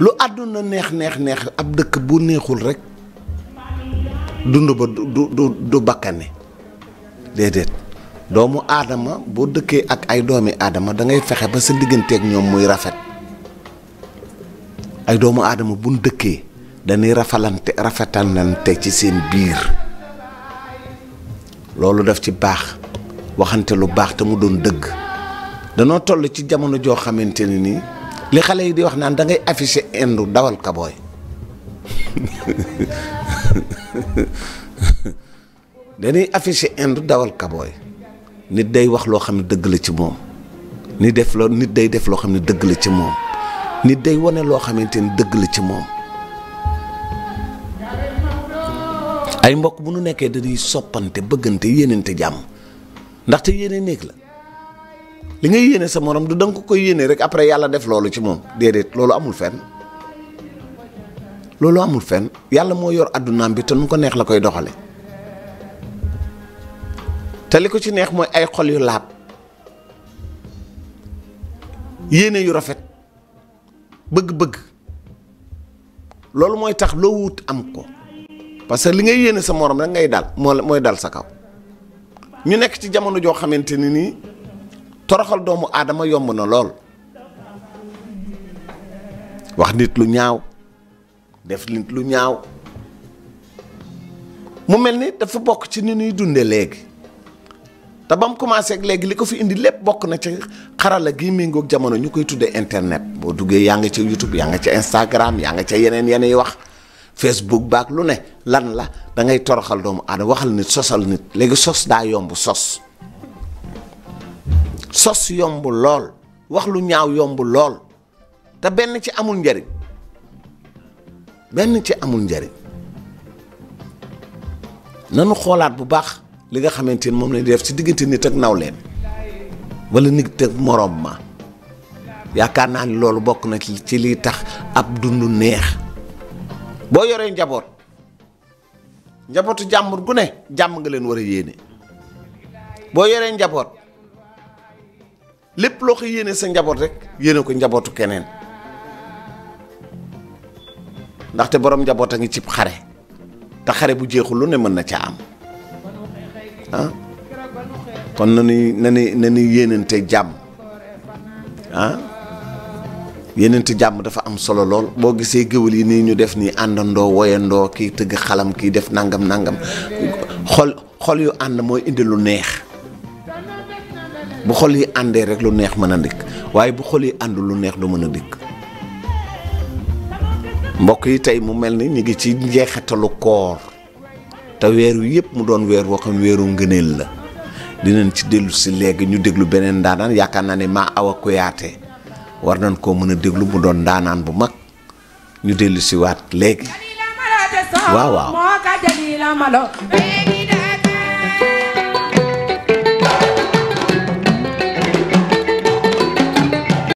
lu àdduna neex neex neex ab dëkk bu neexul rekk dund ba du du du bakkane déedéet doomu aadama boo dëkkee ak ay doomi aadama da ngay fexe ba sa digganteeg ñoom muy rafet ay doomu aadama buñ dëkkee dañuy rafalante rafetalante ci seen biir loolu def ci baax waxante lu baax te mu doon dëgg danoo toll ci jamono joo xamante ni nii li xale yi di wax naan da ngay afficher indu dawal kabooy dañuy afficher dawal kabooy nit day wax loo xam ne dëgg la ci moom nit def loo nit day def loo xam ne dëgg la ci moom nit day wane loo xamante dëgg la ci moom ay mbokk bu nu nekkee dañuy soppante bëggante yéenante jàmm ndaxte yéene néeg la li ngay yéene sa morom du da ko koy yéene rek après yàlla def loolu ci moom déedéet loolu amul fen loolu amul fenn yàlla moo yor àddunaam bi te nu ko neex la koy doxale te li ko ci neex mooy ay xol yu laab yéene yu rafet bëgg-bëgg loolu mooy tax loo wut am ko parce que li ngay yéene sa morom rek ngay dal moo mooy dal sa kaw ñu nekk ci jamono joo xamante ni nii toroxal doomu aadama yomb na lool wax nit lu ñaaw def nit lu ñaaw mu mel ni dafa bokk ci ni ñuy dunde léegi te ba mu commencé ak léegi li ko fi indi lépp bokk na ci xarala gi méngoog jamono ñu koy tuddee internet boo duggee yaa ngi ci YouTube yaa nga ci Instagram yaa nga ca yeneen yeneen yi wax Facebook baak lu ne lan la da ngay toroxal doomu aadama waxal nit sosal nit léegi sos daa yomb sos sos yomb lool wax lu ñaaw yomb lool te benn ci amul njariñ benn ci amul njariñ nanu xoolaat bu baax li nga xamante ni moom lañ def ci diggante nit ak nawleen wala nit ak moroom ma yaakaar naa ni loolu bokk na ci liy tax ab dund neex boo yoree njaboot njabootu jàmbur gu ne jàmm nga leen war a yéene boo yoree njaboot lépp loo ko yéene sa njaboot rek yéene ko njabootu keneen ndaxte boroom njaboot a ngi cib xare te xare bu jeexul lu ne mën na caa am ah kon nuy nañuy nañuy yéenante jàmm ah yéenante jàmm dafa am solo lool boo gisee géwél yi nii ñu def nii àndandoo woyandoo kii tëgg xalam kii def nangam nangam xol xol yu ànd mooy indi lu neex. bu xol yi àndee rek lu neex mën a dikk waaye bu xol yi àndul lu neex du mën a dikk mbokk yi tey mu mel ni ñu ngi ci njeexitalu koor te weeru wi yëpp mu doon weer woo xam weeru ngëneel la dinañ ci dellu si léegi ñu déglu beneen ndaanaan yaakaar naa ne maa awa kuyaate war nañ koo mën a déglu mu doon ndaanaan bu mag ñu dellu si waat léegi waaw waaw